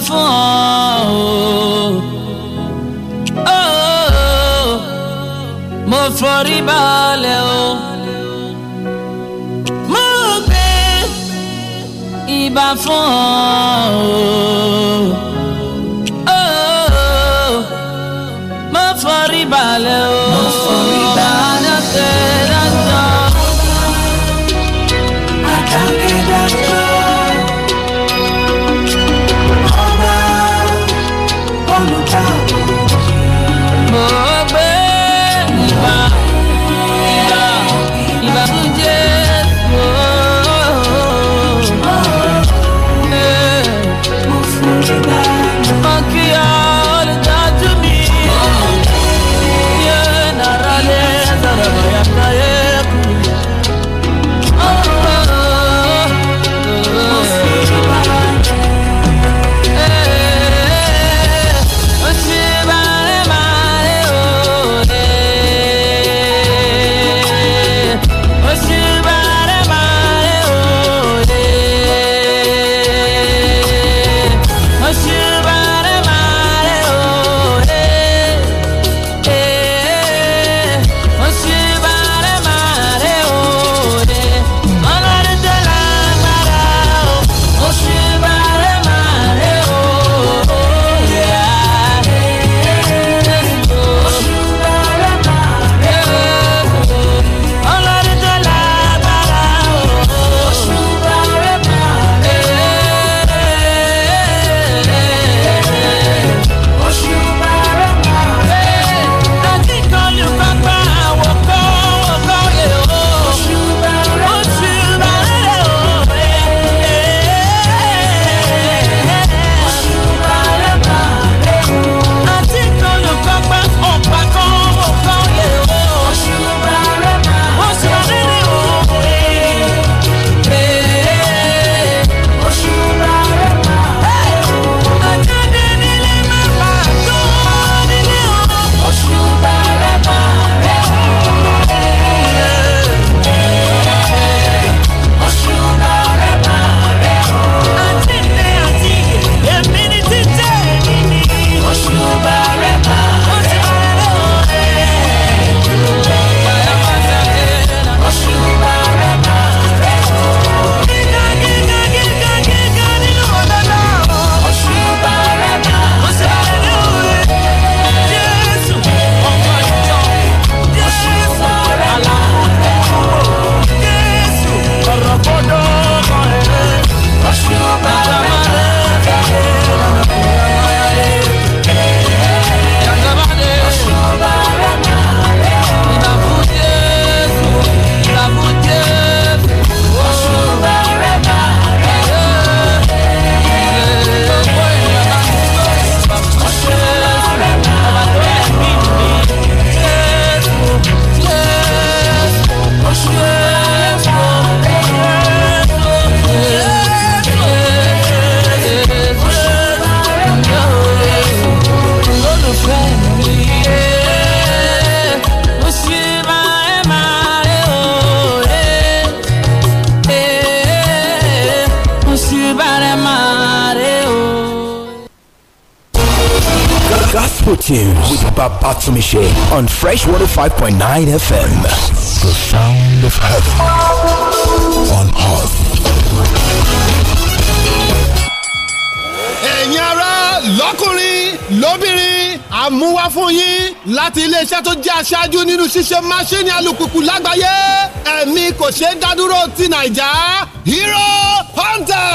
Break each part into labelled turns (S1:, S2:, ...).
S1: fún ọ o oh, mo forí balẹ̀ o mo gbé ibà fún ọ o. Atumishe on Fresh 105.9 FM. The sound of heaven on earth.
S2: ẹ̀yin ará lọ́kùnrin lóbìnrin àmúwá fún yín láti iléeṣẹ́ tó jẹ́ aṣáájú nínú ṣíṣe máṣíìnì alùpùpù lágbàáyé ẹ̀mí kò ṣeé dádúró ti nàìjà Hero Hunter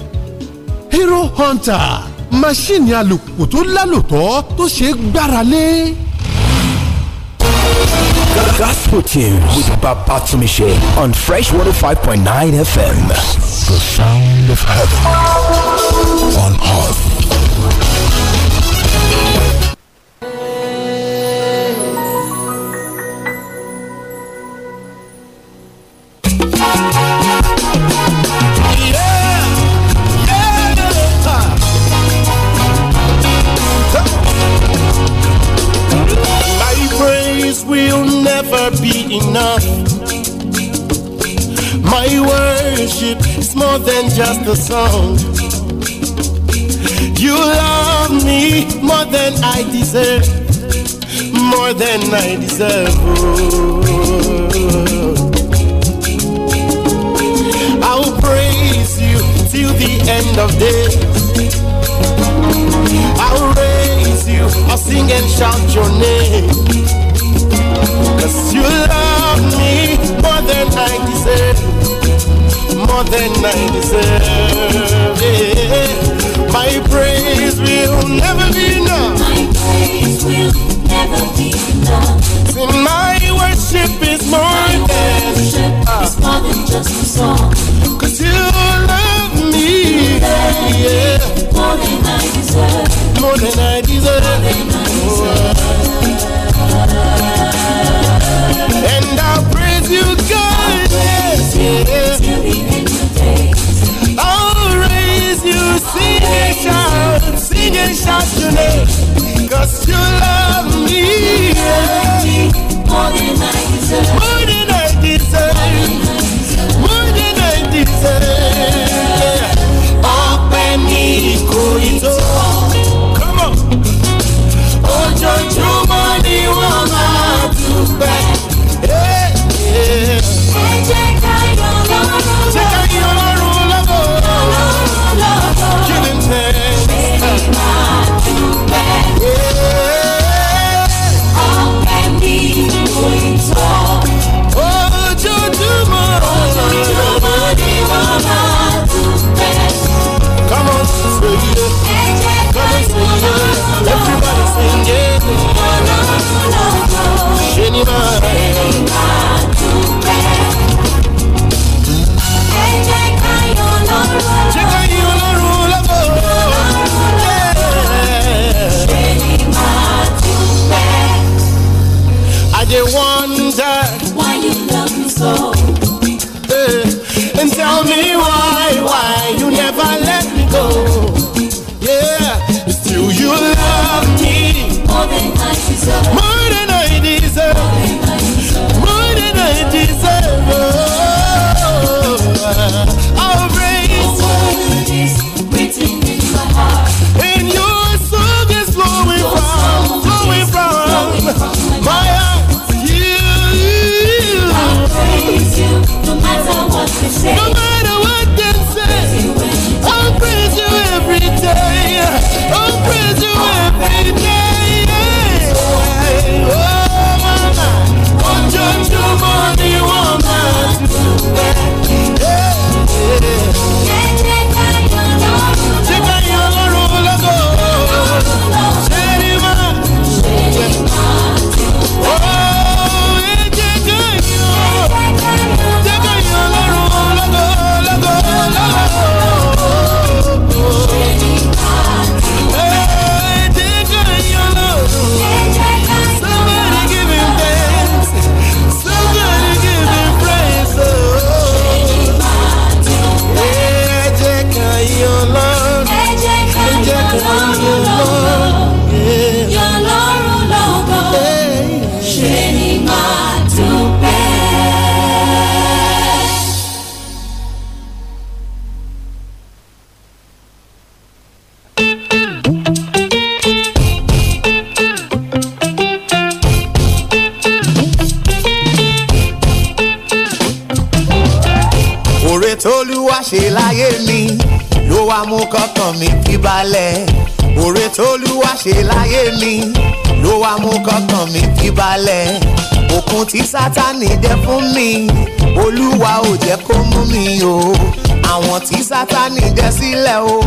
S2: hero hunter máṣíìnì alùpùpù tó lálòtọ́ tó ṣeé gbára lé.
S1: Gospel tunes with Babatunde on Fresh 105.9 FM. mi dẹ fún mi olúwa ò jẹ́ kó mú mi o àwọn tí sátani dẹ sílẹ̀ o.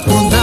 S1: con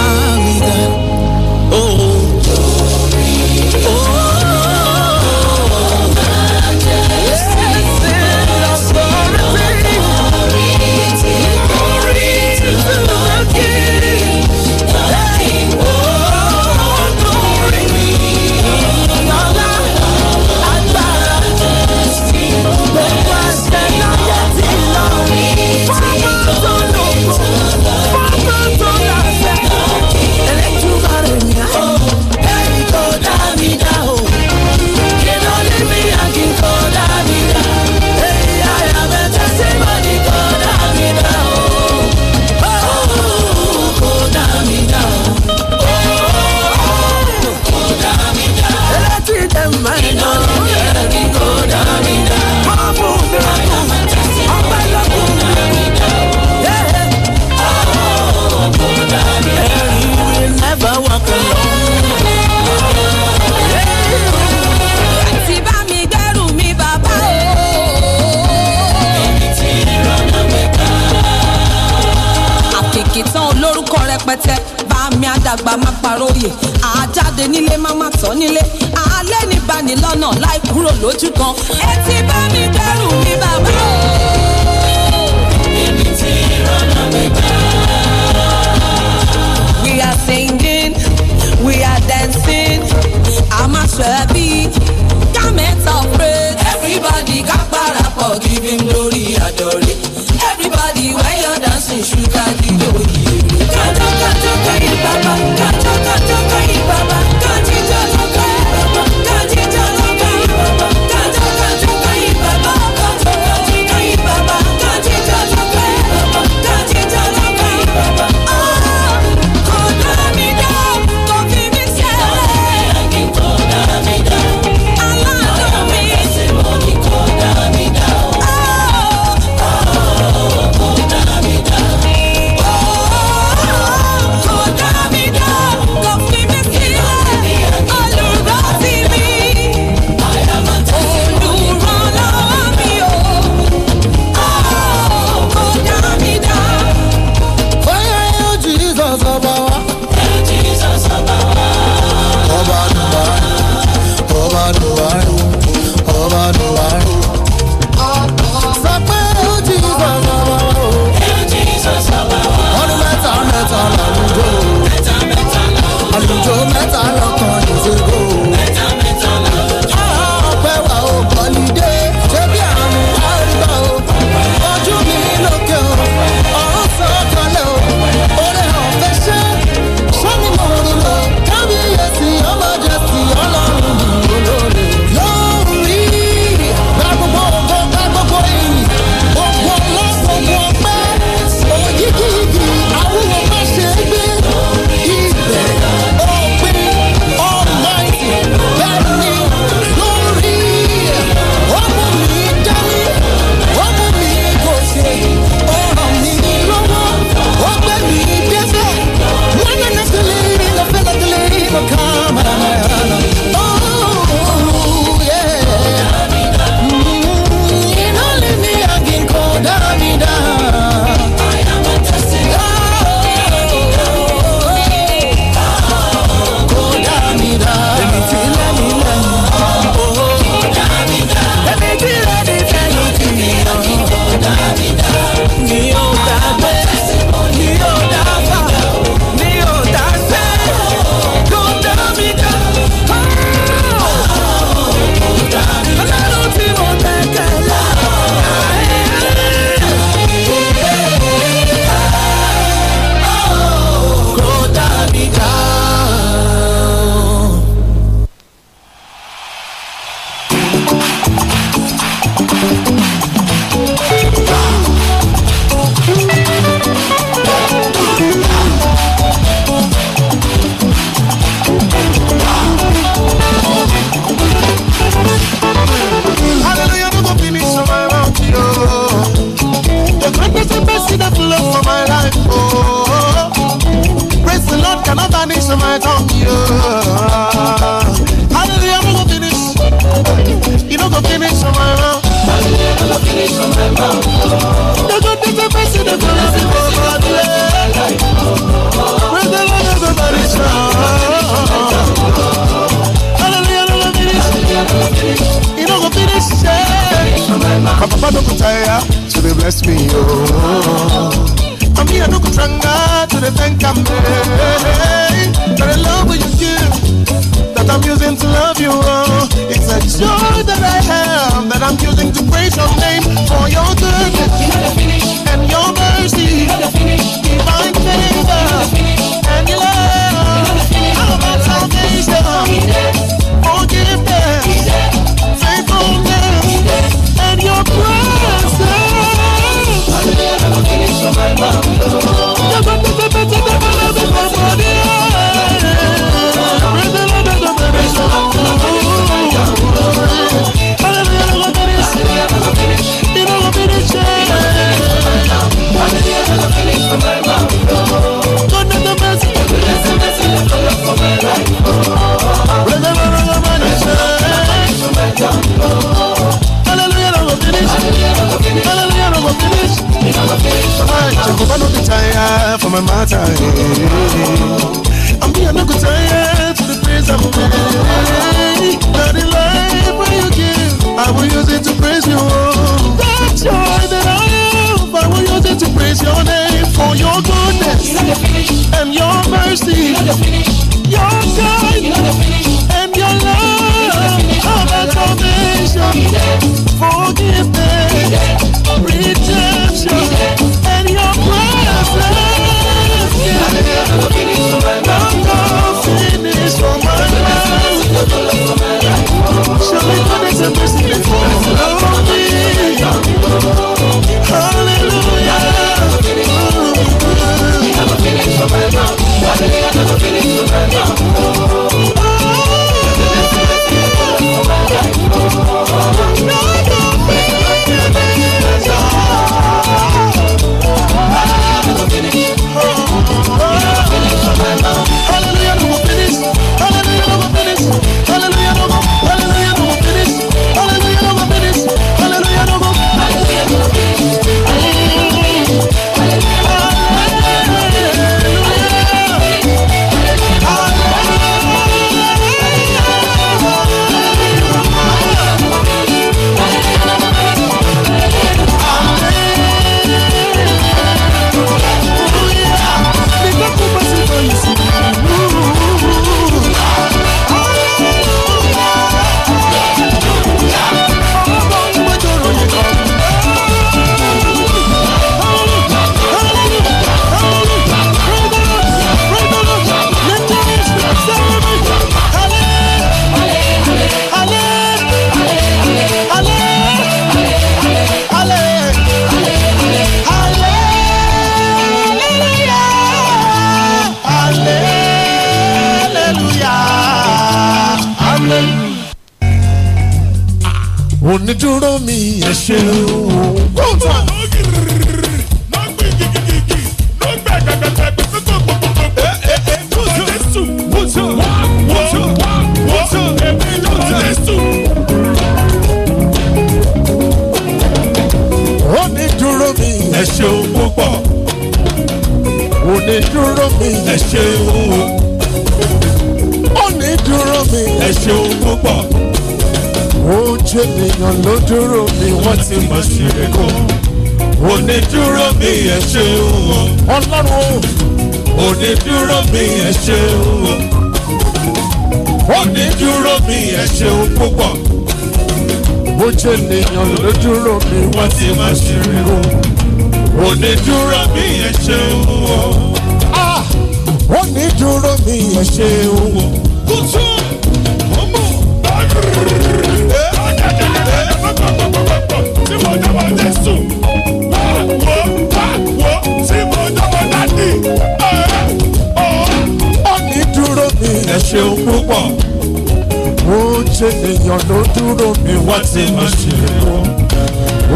S1: ọ̀nà dúró mi wá tí mo ṣe o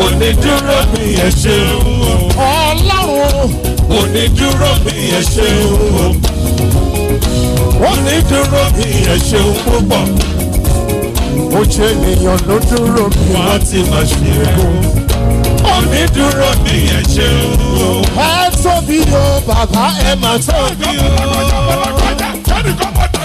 S1: òní dúró mi ẹ ṣe o ọlọ́run òní dúró mi ẹ ṣe o òní dúró mi ẹ ṣe o púpọ̀ ó ṣe ènìyàn ló dúró mi wá tí mo ṣe o òní dúró mi ẹ ṣe o ẹ tóbi o bàbá ẹ mà tóbi o.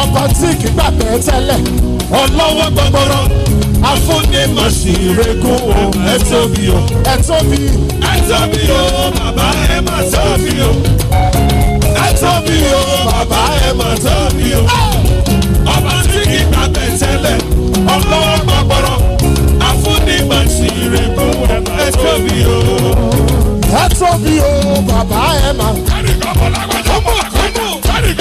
S1: ọkọ̀ tí kì í gbàgbẹ́ tẹ́lẹ̀ ọlọ́wọ́ gbọgbọrọ afúnímọ̀síregún o ẹ tóbi o ẹ tóbi ẹ tóbi o bàbá ẹ má tóbi o ẹ tóbi o bàbá ẹ má tóbi o ọba tí kì í gbàgbẹ́ tẹ́lẹ̀ ọlọ́wọ́ gbọgbọrọ afúnímọ̀síregún o ẹ tóbi o ẹ tóbi o bàbá ẹ má. kárí kan bọ̀ lágbàdo mọ̀ kọ́mọ̀ kárí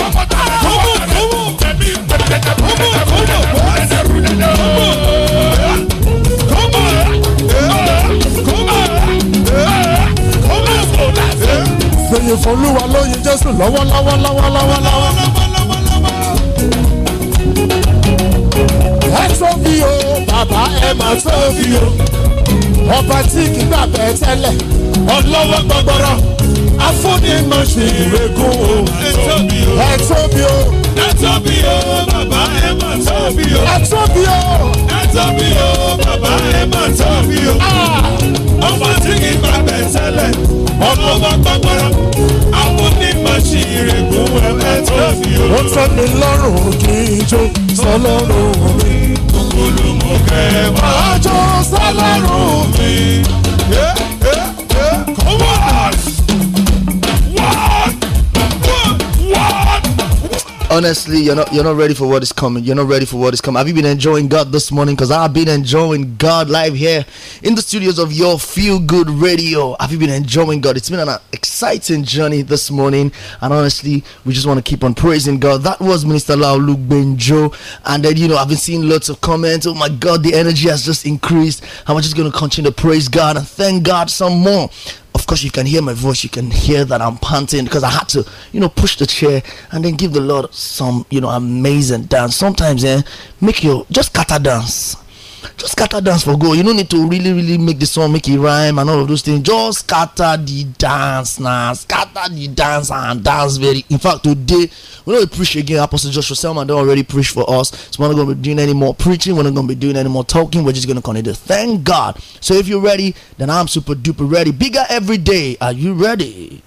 S1: Fèyí fọlúwa lóyin Jésù lọ́wọ́ lọ́wọ́ lọ́wọ́ lọ́wọ́ lọ́wọ́. Ẹ tóbi o, bàbá ẹ máa tóbi o. Ọba tí kì í gbàgbẹ́ tẹ́lẹ̀, ọlọ́wọ́ gbọgbọrọ afúnni má ṣe ìwé gún o. ẹ tóbi o. ẹ tóbi o bàbá ẹ má tóbi o. ẹ tóbi o. ẹ tóbi o bàbá ẹ má tóbi o. Ah! ọmọ tí kì í bá bẹ̀ tẹ́lẹ̀ ọmọ bá gbàgbọ́ra afúnni má ṣe o. ẹ o. ó tẹ́ mi lọ́rùn kí n jó sọlọ́run mi. kúkúrú mú kẹ́ máa jó sọlọ́run mi. Yeah.
S3: honestly, you're not you're not ready for what is coming. You're not ready for what is coming. Have you been enjoying God this morning? Because I've been enjoying God live here in the studios of your Feel Good Radio. Have you been enjoying God? It's been an exciting journey this morning, and honestly, we just want to keep on praising God. That was Minister Lau Luke Benjo, and then you know I've been seeing lots of comments. Oh my God, the energy has just increased, I'm just going to continue to praise God and thank God some more. Of course, you can hear my voice. You can hear that I'm panting because I had to, you know, push the chair and then give the Lord some, you know, amazing dance. Sometimes, eh, make your just kata dance just scatter dance for go you no need to really really make the song make it rhyme and all of those things just scatter the dance now scatter the dance and dance very in fact today we are not preach again apostle joshua selman do already preach for us so we're not going to be doing any more preaching we're not going to be doing any more talking we're just going to continue thank god so if you're ready then i'm super duper ready bigger every day are you ready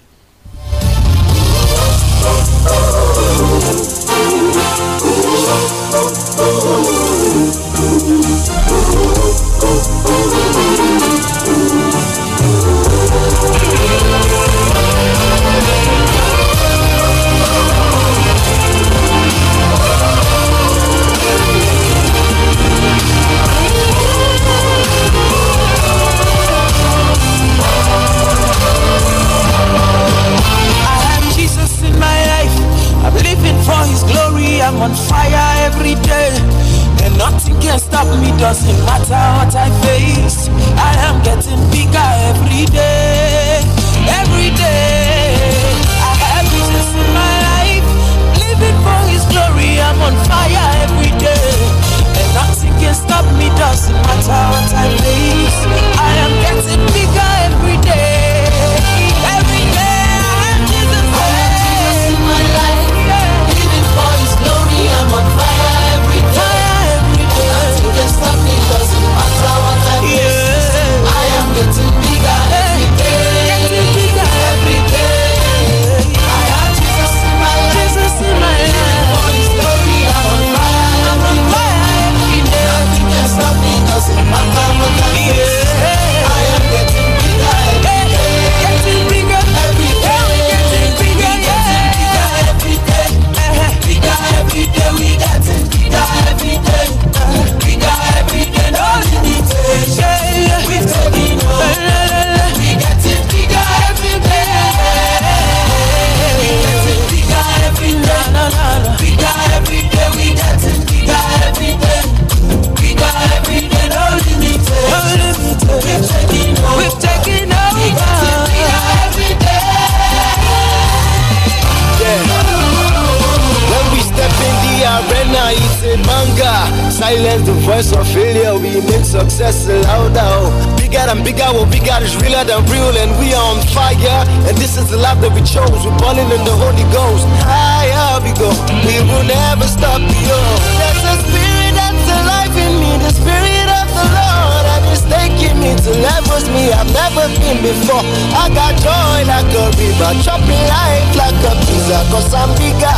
S1: and we are on fire. And this is the life that we chose. We're burning in the Holy Ghost. Higher we go. We will never stop. Yo, that's the spirit that's alive in me. The spirit of the Lord and it's taking me to levels me I've never been before. I got joy like a river, chopping life like a pizza. Cause I'm bigger,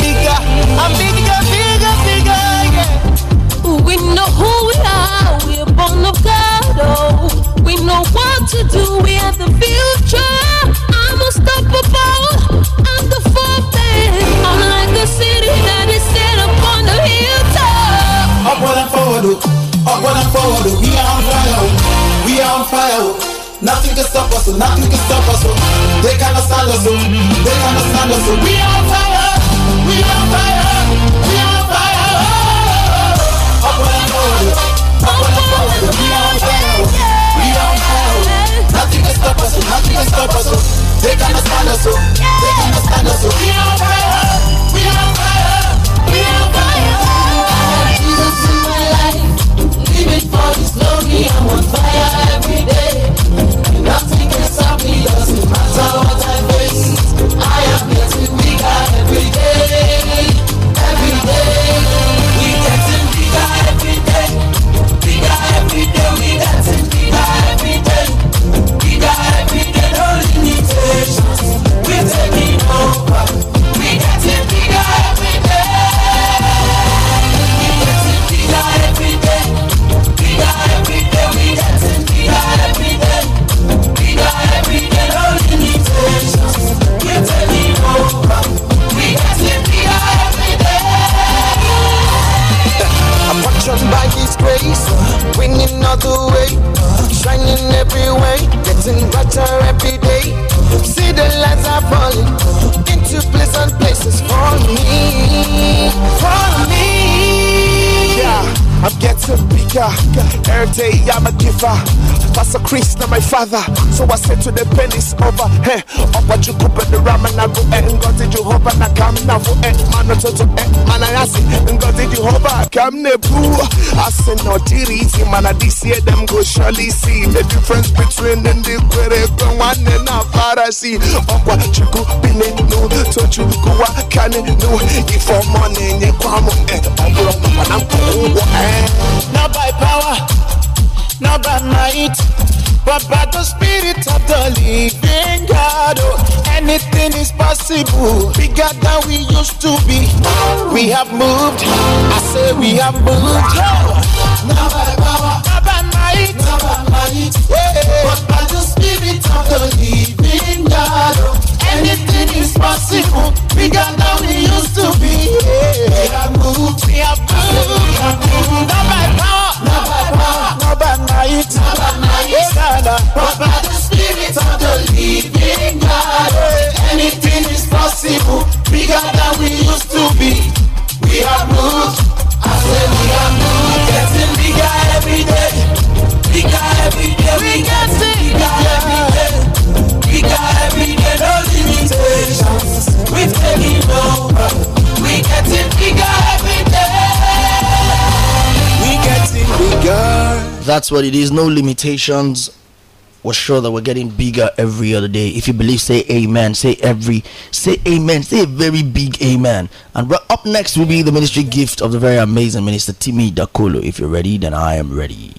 S1: bigger. I'm bigger, bigger, bigger. We know who we are. We're born of God. Oh. We know what to do, we have the future. I'm unstoppable, I'm the fountain. I'm like a city that is set on the hilltop. Upward and forward, upward and forward, we are on fire, we are on fire. Nothing can stop us, nothing can stop us. They cannot stand us, they cannot stand us. We are on fire, we are on fire, we are on fire. Upward and forward, upward and forward, we are stop us, stop us. Oh. They stand us, oh. they stand us. Oh. We are fire, we are fire, we are fire. I have Jesus in my life, living for His glory. I'm on fire every day. Nothing can stop me, doesn't matter what. winning all the way, shining every way, getting brighter every day. See the lights are falling into pleasant places for me, for me. Yeah, I'm getting bigger every day. I'm a giver. Pastor
S2: Chris, now my father. So I said to the pennies over, hey, up what you could the ram and I go,
S1: and God did you Jehovah, and I come now for eh, man, I told to eh, man, I ask, and God did you Jehovah, come ne boo. I said, no, diri, man, I this year them go surely see the difference between them, the great one and a Pharisee. Up what you could be, no, so you go, I can't do if I'm money, you come, and eh, I'm going, and I'm going, eh, not by power. Not by might, but by the Spirit of the living God. Oh, anything is possible, bigger than we used to be. We have moved, I say we have moved. Oh. by power, by might, by might, but by the Spirit of the living God. Oh, anything is possible. Bigger than we used to be. Yeah. We have moved, we have moved, we have moved. Not by power. Now by might, now by might, but by the Spirit of the living God, anything is possible, bigger than we used to be. We are moved, I say we are moved, getting bigger every day, bigger every day, we get bigger every day, bigger every day, no limitations, we're taking over, we are getting bigger every day.
S3: God. That's what it is. No limitations. We're sure that we're getting bigger every other day. If you believe, say amen. Say every, say amen. Say a very big amen. And up next will be the ministry gift of the very amazing minister Timmy Dakolo. If you're ready, then I am ready.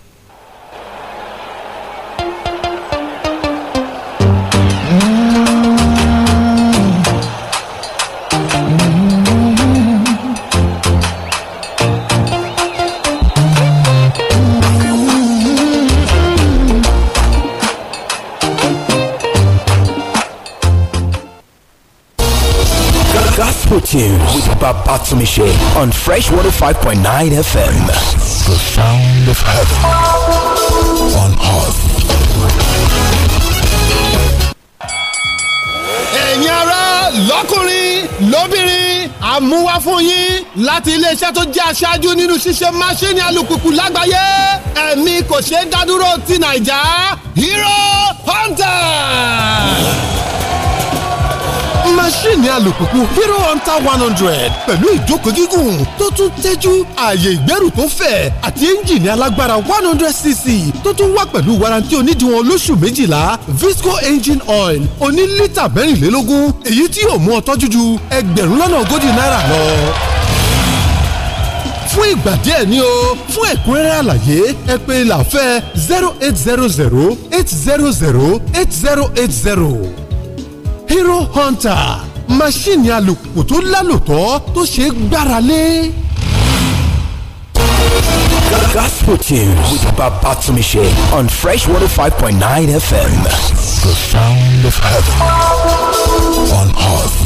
S1: tunes with Baba Tumishe on Fresh 105.9 FM. The sound of heaven on earth. ẹ̀yin ará
S2: lọ́kùnrin lóbìnrin àmúwá fún yín láti iléeṣẹ́ tó jẹ́ aṣáájú nínú ṣíṣe máṣíìnì alùpùpù lágbàáyé ẹ̀mí kò ṣeé dádúró ti nàìjà Hero Hunter máṣíìnì alùpùpù hero hunter one hundred pẹ̀lú ìjókòó gígùn tó tún tẹ́jú ààyè ìgbẹ́rù tó fẹ̀ àti ẹ́ńjìnì alágbára one hundred cc tó tún wá pẹ̀lú warranty onídìíwọ̀n lóṣù méjìlá visco engine oil oní lítà mẹ́rìnlélógún èyí tí yóò mú ọ tọ́jú ju ẹgbẹ̀rún lọ́nà ogójì náírà lọ fún ìgbà díẹ̀ ni o fún ẹ̀kúnrẹ́rẹ́ àlàyé ẹ pè làfẹ́ zero eight zero zero eight zero zero eight zero eight zero hero hunter máṣíìnì alùpùpù tó lálòtọ́ tó ṣeé gbára lé.
S3: Gospel tunes with Babatunde Shea on Fresh 105.9
S1: FM. The sound of heaven on earth.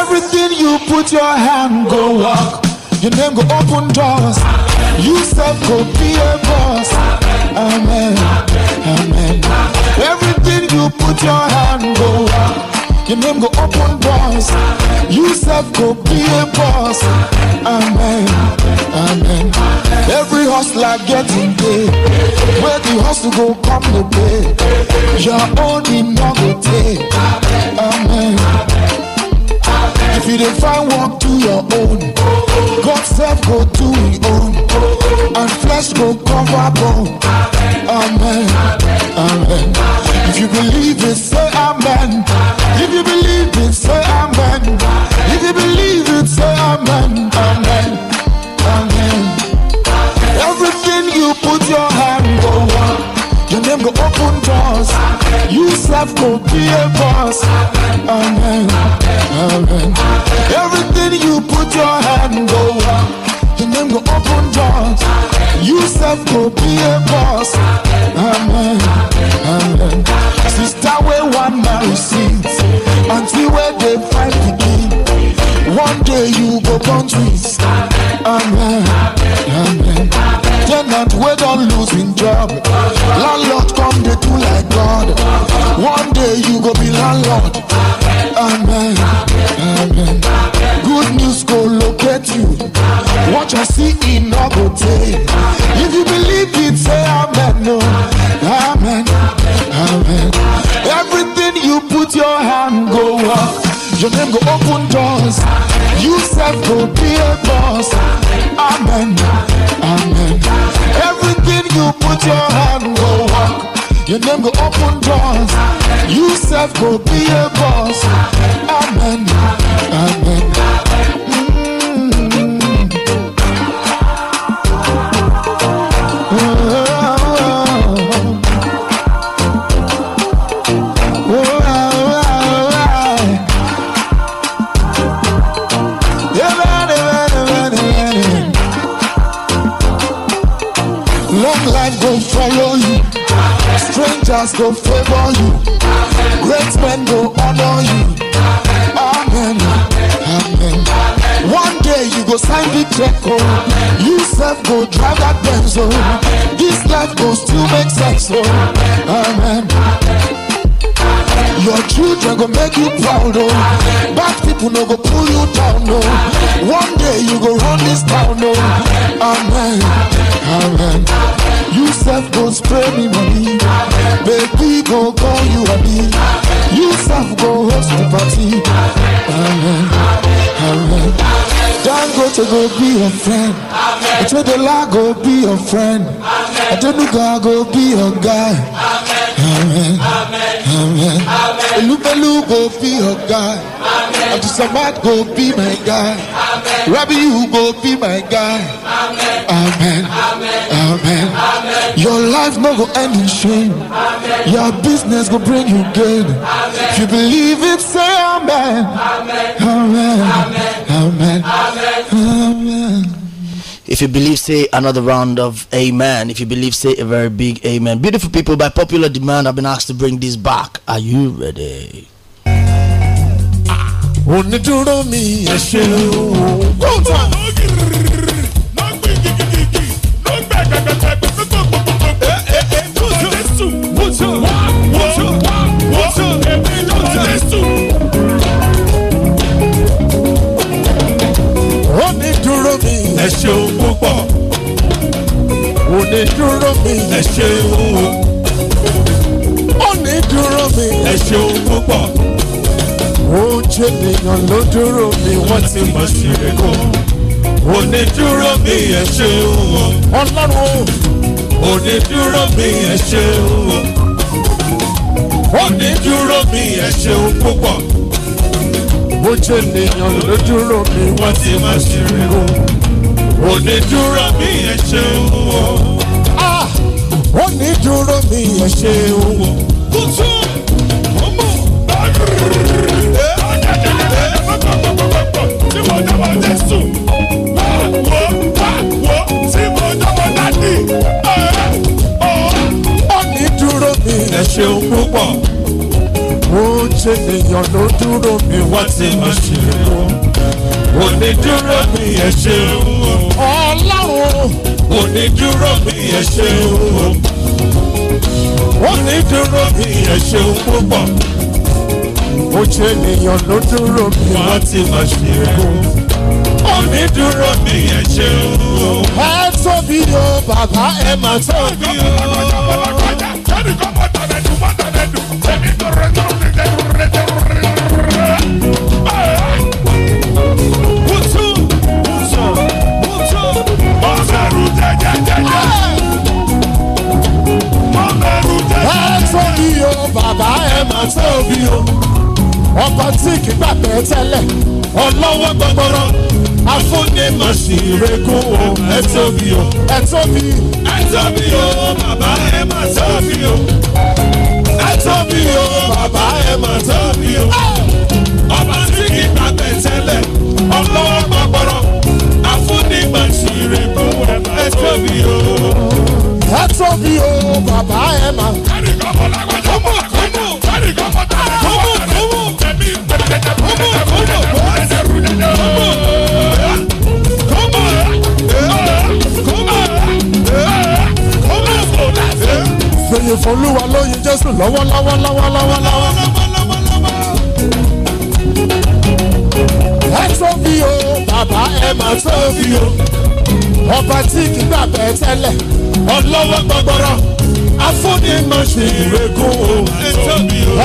S1: Everything you put your hand go work, Your name go open doors. You self go be a boss. Amen. Amen. Amen. Everything you put your hand go, your name go open doors. You self go be a boss. Amen. Amen. Every hustler getting paid. Where the hustle go come to pay. Your own in no go take. Amen. If you define work to your own, God self go to it own and flesh go cover bone. Amen. Amen. If you believe it, say amen. If you believe it, say amen. If you believe it, say amen. Amen. Amen. Everything you put your hand on, your name go open doors. You self go be a boss. Amen. Amen. Everything you put your hand on them go open doors. You go be a boss. Amen. Amen. Sister, we want my receipts until where they find begin. One day you go born twist. Amen. Amen. Tenant, we don't losing job. Landlord come, they do like God. One day you go be landlord. Amen. Amen. Good news go locate you. What you see in no go take. If you believe it, say amen. No. Amen. Amen. Everything you put your hand go up. Your name go open doors. You self go be a boss. Amen. Amen. Everything you put your hand go up. Your name go open doors. You self go be a boss. Amen. Amen. Pastors go favor you. Amen. Great men go honor you. Amen. Amen. Amen. One day you go sign the check. Oh. You self go drive that Benz. Oh. This life goes to make sense. Oh. Amen. Amen. Your children go make you proud. Oh. Bad people no go pull you down. Oh. One day you go run this town. Oh. Amen. Amen. Amen. You self go spray me money. Baby go call you a me. You self go host the party. Amen. Amen. Don't go to go be a friend. I tell the lie go be a friend. I tell the guy go be your guy. Amen. Amen. Amen. amen. Elubelu go be your guy. Abdul Samad go be my guy. Rabbi you go be my guy. Amen. Amen. Amen. Amen. Your life no go end in shame. Amen. Your business go bring you gain.
S3: If you believe it, say amen. Amen. Amen. Amen. Amen. amen. If you believe, say another round of amen. If you believe, say a very big amen. Beautiful people, by popular demand, I've been asked to bring this back. Are you ready? Ah.
S1: ẹ ṣeun púpọ̀. onídúró mi ẹ ṣeun. onídúró mi ẹ ṣeun púpọ̀. oúnjẹ nìyàn ló dúró mi wọ́n ti mọ̀ sí ẹ̀kọ́. onídúró mi ẹ ṣeun. ọlọ́run onídúró mi ẹ ṣeun. onídúró mi ẹ ṣeun púpọ̀. oúnjẹ nìyàn ló dúró mi wọ́n ti mọ̀ sí ẹ̀kọ́. onídùúró mi ẹ ṣeun o. onídùúró mi ẹ ṣeun o. kùtù ọmọ tí mo dábọ̀ jésù wo wo tí mo dábọ̀ dádì. onídùúró mi ẹ ṣeun púpọ̀. ṣe lèèyàn ló dúró mi wá tí mà ṣe o duro mi ẹ ṣe o ọlọ́run duro mi ẹ ṣe o onídúró mi ẹ ṣe o púpọ̀ ó ṣe lèèyàn ló dúró mi wá tí mà ṣe o onídúró mi ẹ ṣe o ẹ tóbi o bàbá ẹ mà tóbi o. Tell me, come on, tell me, do what I do. Tell me, go, go, go, go. corre, corre. nǹkan tí kì í gbàgbé tẹ́lẹ̀. ọlọ́wọ́ gbọgbọrọ afúnimọ̀síregún o ẹ tóbi o. ẹ tóbi. ẹ tóbi o bàbá ẹ mà tóbi o. ẹ tóbi o bàbá ẹ mà tóbi o. ọba tí kì í gbàgbé tẹ́lẹ̀ ọlọ́wọ́ gbọgbọrọ afúnimọ̀síregún o ẹ tóbi o. ẹ tóbi o bàbá ẹ mà. ẹnì kan kọ́ lágbàdo mọ́ àkókò ẹnì kan kọ́ tá a Fèyè fọlúwa lóye Jésù lọ́wọ́lọ́wọ́ lọ́wọ́lọ́wọ́ lọ́wọ́. Ẹ tó bí o, bàbá ẹ máa tó bí o. Ọba tí kì í gbàgbé tẹ́lẹ̀, ọlọ́wọ́ gbọgbọrọ, afúnimọ̀ ṣe ìrẹ́kùn o.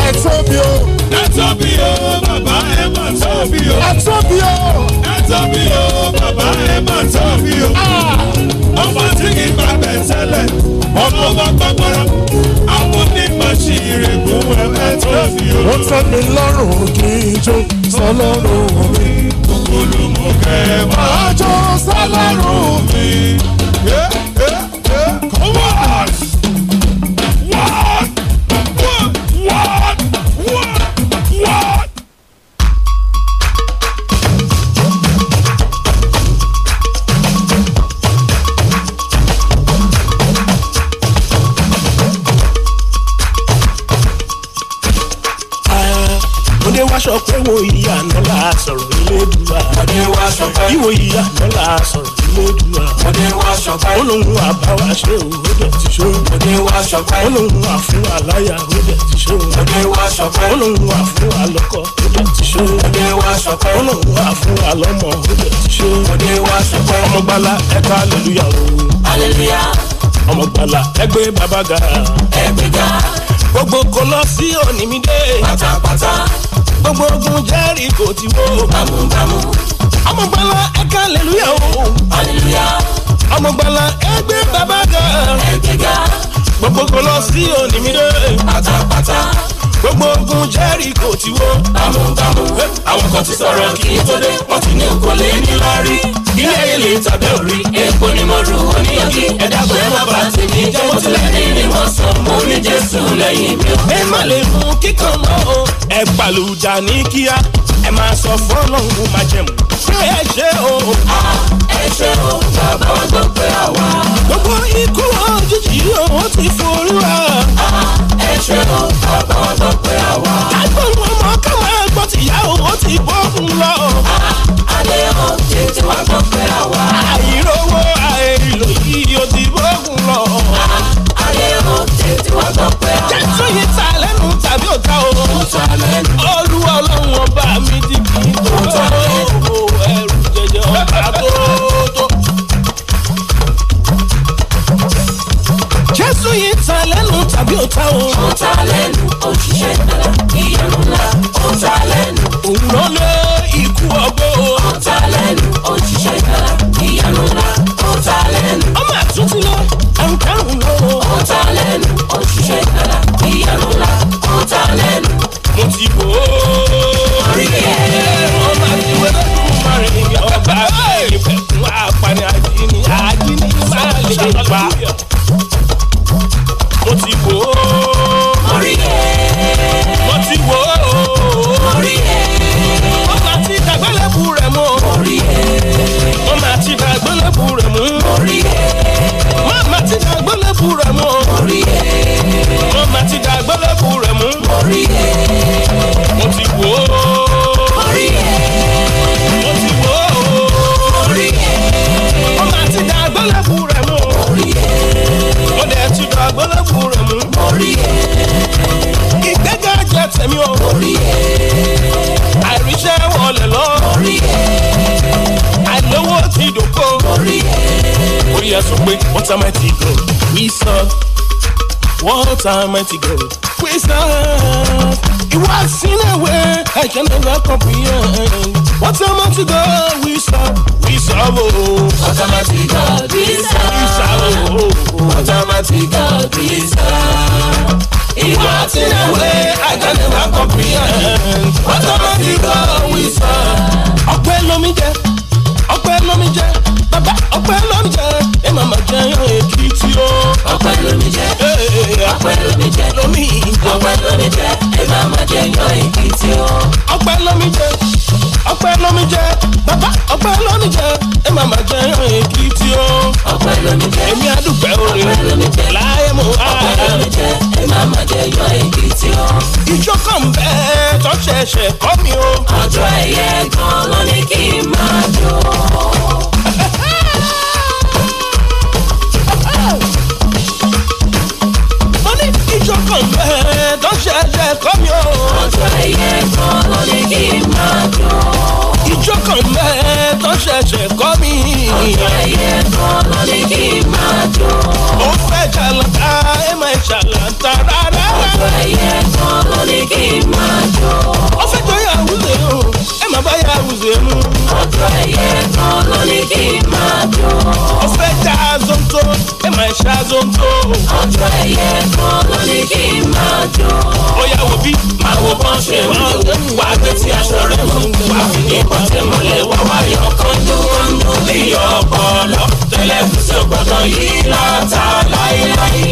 S1: Ẹ tó bí o. ẹ bàbá ẹ mà tóbi o. ẹ tóbi o. ẹ tóbi o bàbá ẹ mà tóbi o. Ah. ọmọ tí kì í gbàgbẹ́ tẹ́lẹ̀ ọmọ bá gbàgbọ́ra àwọn onímọ̀ọ́sí rẹ̀ kún ẹ tóbi o. ó tẹ́ mi lọ́rùn kí n jó mi. kúkúrú mú kẹ́ máa jó mi. Yeah. Odùduwà. Bọ̀dé wa ṣọpẹ́. Ìwò ìyá àjọlá sọ̀rọ̀ sí Odùduwà. wa ṣọpẹ́. Ó lóun àbáwá ṣe òwò ti ṣó. Bọ̀dé wa ṣọpẹ́. Ó lóun àfún àláyà ó ti ṣó. Bọ̀dé wa ṣọpẹ́. Ó lóun àfún àlọ́kọ̀ ó ti ṣó. Bọ̀dé wa ṣọpẹ́. Ó lóun àfún àlọ́mọ ó ti ṣó. Bọ̀dé wa ṣọpẹ́. Ọmọgbálá ẹ̀ka aleluya o. Aleluya. Ọmọgbálá ẹgbẹ́ bàbá ga. Ẹgbẹ́ ga. Gbogbo kò lọ sí gbogbo ogun Jẹ́ríkò ti wó. tamutamu. ọmọgbala ẹ̀ka aleluya o. aleluya. ọmọgbala ẹgbẹ́ bàbá ga. ẹgbẹ́ ga. gbogbo kò lọ sí òní mi dé. pátápátá gbogbo ogun Jẹ́ríkò ti wó. bámúbámú àwọn kan ti sọ̀rọ̀ kí n tó dé wọ́n ti ní kò lè ní lárí. ilé ilé tàbí òrí epo ni mo rù ó ní ọdí ẹ̀dá pé wọ́n bá tèmi jẹ́ mo tilẹ̀ ní ni wọ́n sàn mo ní Jésù lẹ́yìn mi. ẹ má lè mú kíkan mọ́ o. ẹ gbàlùjà ní kíá ẹ máa sọ fọ́lọ́hún máa jẹun ṣé ẹ ṣé o. ẹ ṣé o bàbá wa tó pé àwa. gbogbo ikú òjijì òun ti forí wa. ẹ ṣé o bàbá wa tó pé àwa. ẹ̀gbọ́n mi ọmọ káwọn ẹ̀gbọ́n tìyá òun ti bọ́ fún lọ. alẹ́ o tètè wá tó pé àwa. àìrówó àìlò yìí o ti bọ́ fún lọ. alẹ́ o tètè wá tó pé àwa. jẹ́ tó yẹ ta lẹ́nu tàbí òta o. ó ta lẹ́nu. ta lẹ́nu tàbí ó ta o. ó ta lẹ́nu òṣìṣẹ́ ìdàlá ìyanu ńlá ó ta lẹ́nu. òun ló lé ikú ọgbẹ́ o. ta lẹ́nu òṣìṣẹ́ ìdàlá ìyanu ńlá ó ta lẹ́nu. ọmọ àtúntì lọ àrùn lọ. ó ta lẹ́nu. thanks Almighty God. Praise God. It was in a way I can never comprehend. What Almighty God we serve, we serve. Oh. What Almighty God we serve, we serve. Oh. What Almighty God we serve. It was in a way I can never comprehend. What Almighty God we serve. Ọpẹ́ lómi jẹ, ọpẹ́ lómi jẹ, bàbá ọpẹ́ lómi jẹ, ẹ màmá jẹ yóò. Eh ọpẹ́ lomi jẹ́ ọpẹ́ lomi jẹ́ lomi ọpẹ́ lomi jẹ́ ẹ máa ma jẹ yan èkìtì o. ọpẹ́ lomi jẹ́ ọpẹ́ lomi jẹ́ bàbá ọpẹ́ lomi jẹ́ ẹ máa ma jẹ yan èkìtì o. ọpẹ́ lomi jẹ́ èmi àdúpẹ́ orin ọpẹ́ lomi jẹ́ láyé mo á. ọpẹ́ lomi jẹ́ ẹ máa ma jẹ yan èkìtì o. ìjọ kan bẹ́ẹ̀ tó ṣẹ̀ṣẹ̀ kọ́ mi o. ọjọ́ ẹ̀yẹ gan-an lónìí. ṣoṣo. ọjọ́ ẹ̀yẹ kan ló ní kí n máa jó. ó yà wò bí. máa wo bọ́n ṣe ń lò wá gbé tí aṣọ rẹ̀ mú. wá fi ní bọ́tẹ́ mọ́lẹ̀ wá wá yọ kan dúró nù. bí ọ̀pọ̀ lọ tẹlifíṣàn gbọ́dọ̀ yìí lọ́ta láéláé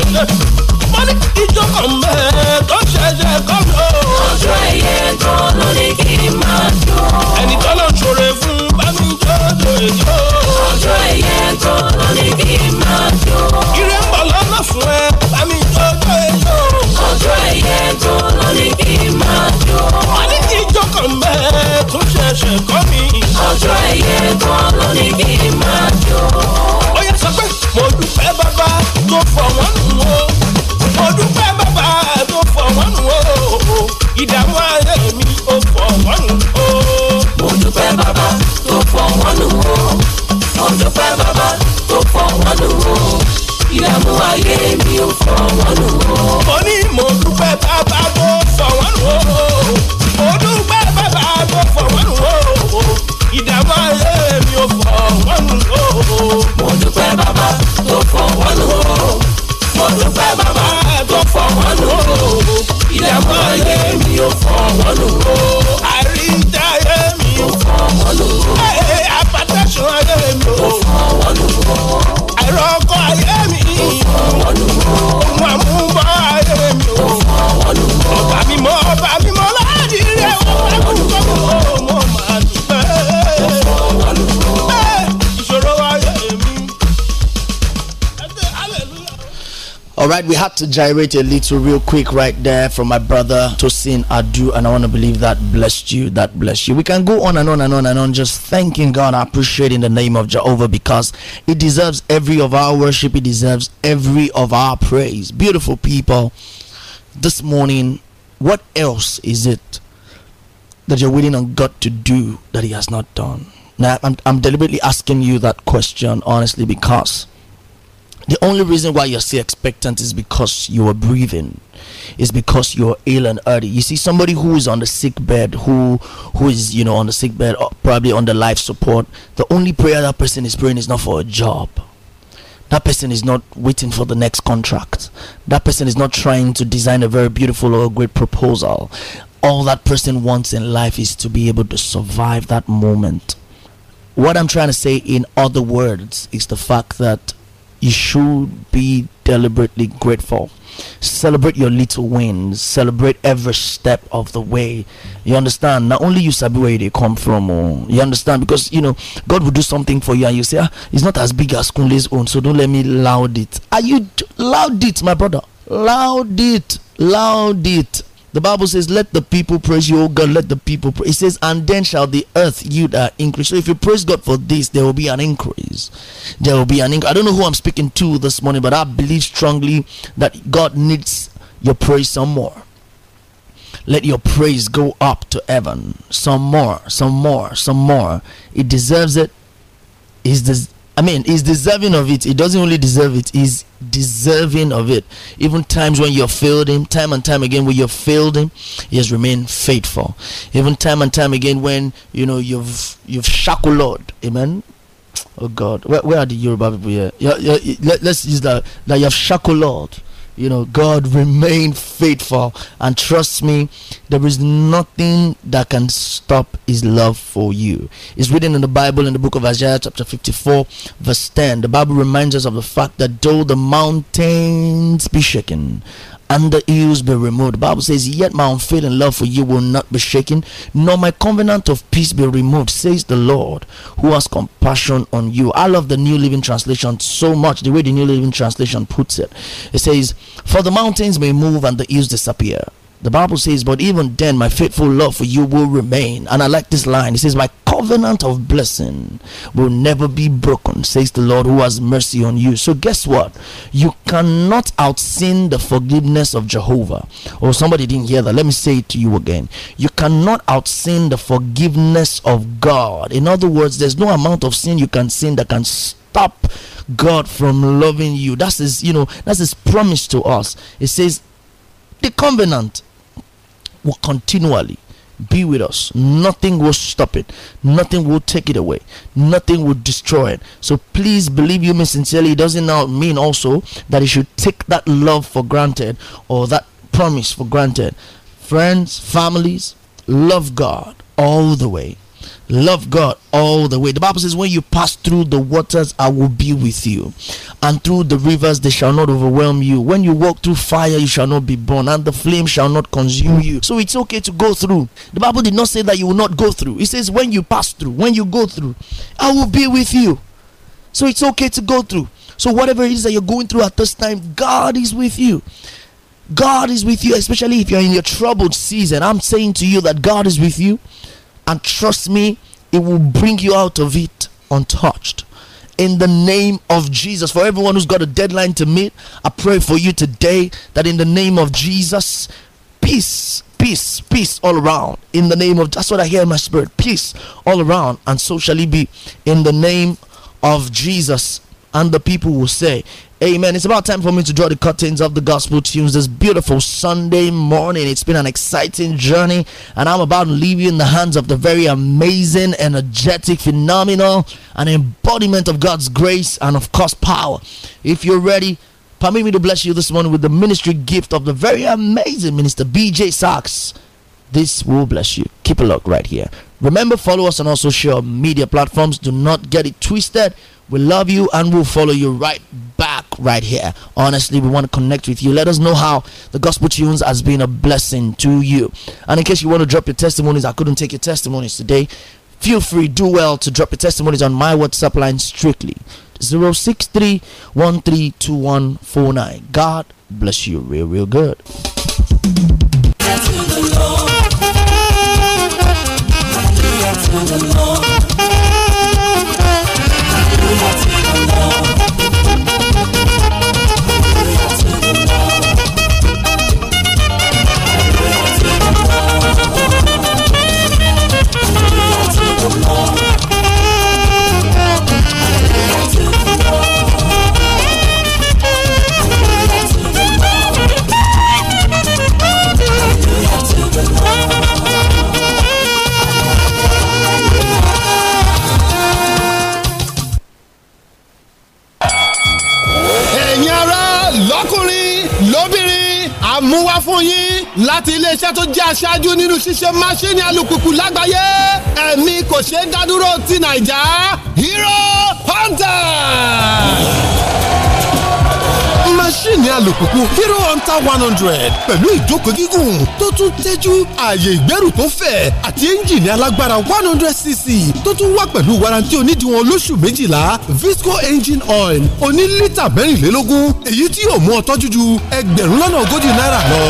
S1: wọ́n ní ìjọ kan bẹ́ẹ̀ tó ṣẹ̀ṣẹ̀ kọ́ lọ. ọjọ́ ẹ̀yẹ kan ló ní kí n máa dùn. ẹnì kan náà ṣoore jó. ọjọ́ ẹ̀yẹ kan ló ní kí n máa jó. ire ń bọ̀ lọ́nà fún ẹ bá mi jọjọ́ ẹ jó. ọjọ́ ẹ̀yẹ kan ló ní kí n máa jó. wọ́n ní kí ìjọkọ̀ mẹ́ẹ̀ẹ́ tó ṣẹ̀ṣẹ̀ kọ́ mi. ọjọ́ ẹ̀yẹ kan ló ní kí n máa jó. ó yẹ sọ pé mo dúpẹ́ bàbá tó fọ̀ wọ́n nù ó. mo dúpẹ́ bàbá tó fọ̀ wọ́n nù ó. ìdààmú ayé mi. mo dúpẹ́ bàbá tó fọ́ wọn lówó ìdààmú ayé mi ò fọ́ wọn lówó. mo ní mo dúpẹ́ bàbá tó fọ́ wọn lówó mo dúpẹ́ bàbá tó fọ́ wọn lówó ìdààmú ayé mi ò fọ́ wọn lówó. mo dúpẹ́ bàbá tó fọ́ wọn lówó mo dúpẹ́ bàbá tó fọ́ wọn lówó ìdààmú ayé mi ò fọ́ wọn lówó. àrídáyé mi ò fọ́ wọn lówó sanwó-olùkọ́. àìrọ́kọ̀ ayé mi.
S3: right, we had to gyrate a little real quick right there from my brother Tosin Adu, and I want to believe that blessed you, that blessed you. We can go on and on and on and on, just thanking God, appreciating the name of Jehovah because it deserves every of our worship, it deserves every of our praise. Beautiful people, this morning, what else is it that you're waiting on God to do that He has not done? Now, I'm, I'm deliberately asking you that question, honestly, because the only reason why you're still expectant is because you are breathing, is because you're ill and early. You see, somebody who is on the sick bed, who who is you know on the sick bed, uh, probably on the life support. The only prayer that person is praying is not for a job. That person is not waiting for the next contract. That person is not trying to design a very beautiful or great proposal. All that person wants in life is to be able to survive that moment. What I'm trying to say, in other words, is the fact that you should be deliberately grateful. Celebrate your little wins. Celebrate every step of the way. You understand? Not only you sabi where they come from, oh, you understand? Because you know God will do something for you, and you say, ah, "It's not as big as Kunle's own, so don't let me loud it." Are you loud it, my brother? Loud it, loud it. The Bible says, Let the people praise you, O God, let the people praise. It says, And then shall the earth yield an increase. So if you praise God for this, there will be an increase. There will be an increase. I don't know who I'm speaking to this morning, but I believe strongly that God needs your praise some more. Let your praise go up to heaven. Some more, some more, some more. It deserves it. Is this I mean, he's deserving of it. He doesn't only deserve it, he's deserving of it. Even times when you've failed him, time and time again when you've failed him, he has remained faithful. Even time and time again when, you know, you've you've shackled Lord. Amen. Oh God. Where, where are the Yoruba people here? you let, us use that. That you have shackled Lord you know god remain faithful and trust me there is nothing that can stop his love for you it's written in the bible in the book of isaiah chapter 54 verse 10 the bible reminds us of the fact that though the mountains be shaken and the hills be removed. The Bible says, Yet my unfailing love for you will not be shaken, nor my covenant of peace be removed, says the Lord, who has compassion on you. I love the New Living Translation so much, the way the New Living Translation puts it. It says, For the mountains may move and the hills disappear. The Bible says, But even then, my faithful love for you will remain. And I like this line. It says, My covenant of blessing will never be broken, says the Lord who has mercy on you. So, guess what? You cannot outsin the forgiveness of Jehovah. Or oh, somebody didn't hear that. Let me say it to you again. You cannot outsin the forgiveness of God. In other words, there's no amount of sin you can sin that can stop God from loving you. That's his, you know, that's his promise to us. It says the covenant will continually be with us. Nothing will stop it. Nothing will take it away. Nothing will destroy it. So please believe you me sincerely. It doesn't now mean also that you should take that love for granted or that promise for granted. Friends, families, love God all the way. Love God all the way. The Bible says, When you pass through the waters, I will be with you. And through the rivers, they shall not overwhelm you. When you walk through fire, you shall not be burned, and the flame shall not consume you. So it's okay to go through. The Bible did not say that you will not go through. It says, When you pass through, when you go through, I will be with you. So it's okay to go through. So whatever it is that you're going through at this time, God is with you. God is with you, especially if you're in your troubled season. I'm saying to you that God is with you. And trust me, it will bring you out of it untouched. In the name of Jesus. For everyone who's got a deadline to meet, I pray for you today that in the name of Jesus, peace peace, peace all around. In the name of that's what I hear in my spirit. Peace all around, and so shall it be. In the name of Jesus and the people will say, Amen. It's about time for me to draw the curtains of the gospel tunes this beautiful Sunday morning. It's been an exciting journey, and I'm about to leave you in the hands of the very amazing, energetic, phenomenal, and embodiment of God's grace and, of course, power. If you're ready, permit me to bless you this morning with the ministry gift of the very amazing minister BJ Sachs. This will bless you. Keep a look right here. Remember, follow us on all social media platforms. Do not get it twisted. We love you and we'll follow you right back right here. Honestly, we want to connect with you. Let us know how the gospel tunes has been a blessing to you. And in case you want to drop your testimonies, I couldn't take your testimonies today. Feel free, do well to drop your testimonies on my WhatsApp line strictly 063 God bless you real, real good.
S1: to the Lord. to the Lord. Let's
S2: iléeṣẹ́ tó jẹ́ aṣáájú nínú ṣíṣe máṣíìnì alùpùpù lágbàáyé ẹ̀mí kò ṣeé dádúró ti nàìjà Hero Hunter máṣíìnì alùpùpù hero hunter one hundred pẹ̀lú ìjókòó gígùn tó tún tẹ́jú ààyè ìgbẹ́rù tó fẹ̀ àti ẹ́ńjìnì alágbára one hundred cc tó tún wá pẹ̀lú warranty onídìíwọ̀n lóṣù méjìlá visco engine oil oní lítà mẹ́rìnlélógún èyí tí yóò mú ọ tọ́jú ju ẹgbẹ̀rún lọ́nà ogójì náírà lọ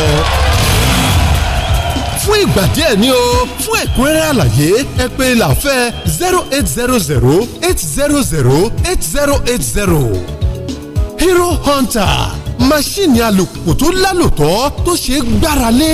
S2: fún ìgbà díẹ̀ ni o fún ẹ̀kúnrẹ́rẹ́ àlàyé ẹ pè làfẹ́ zero eight zero zero eight zero zero eight zero eight zero Hero Hunter máṣíìnì alùpùpù tó lálòtọ́ tó ṣeé gbára lé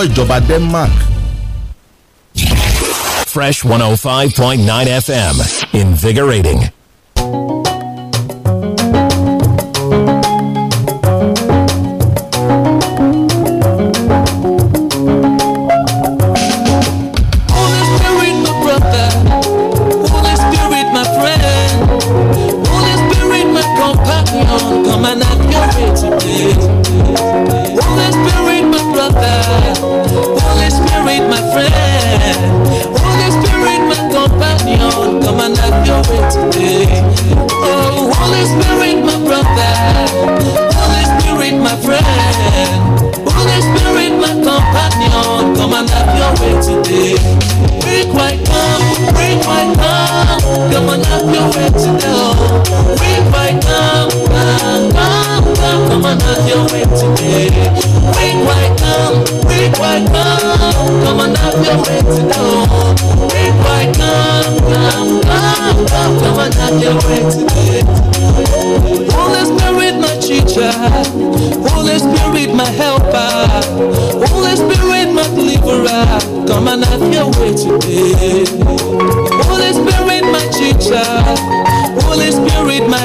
S2: ìjọba Denmark.
S1: Fresh 105.9 FM
S3: invigorating.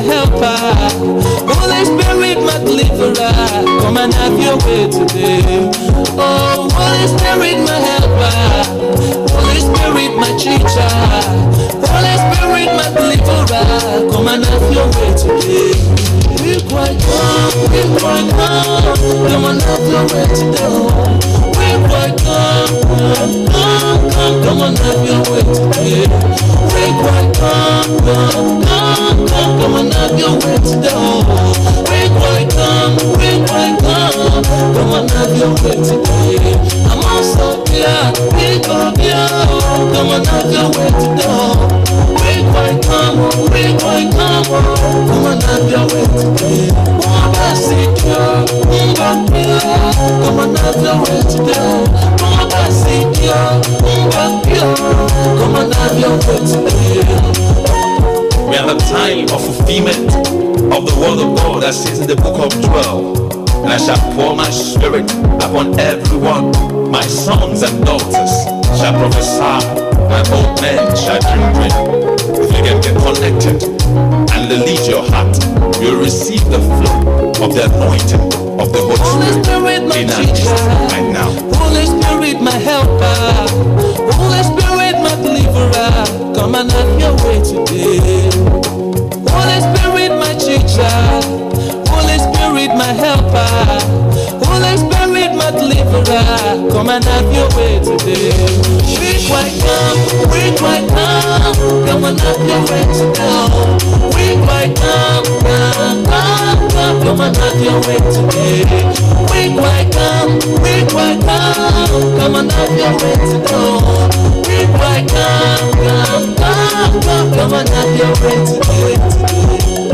S1: helper. Holy Spirit, my deliverer, come and have your way today. Oh, Holy Spirit, my helper. Holy Spirit, my teacher come and have your way today. We we come and have your way We come and have your way today. We come and have your way We we come and have your way today. I'm here, come and have your way boy, have a prayer. Come We are the time of fulfillment of the word of God that says in the book of twelve, And I shall pour my spirit upon everyone. My sons and daughters shall prophesy, my old men shall dream dreams get connected and release your heart. You'll receive the flow of the anointing of the Holy, Spirit. Holy Spirit, my in teacher. right now. Holy Spirit, my helper. Holy Spirit, my deliverer. Come and have your way today. Holy Spirit, my teacher my helper. holy spirit, my deliverer? Come and have your way today. Weak white come, weak white come. Come and have your way today. Weak white come, come, come, come. Come and have your way today. Weak white come, weak white come. Come and have your way today. Weak white come, come, come, come. Come and have your way today.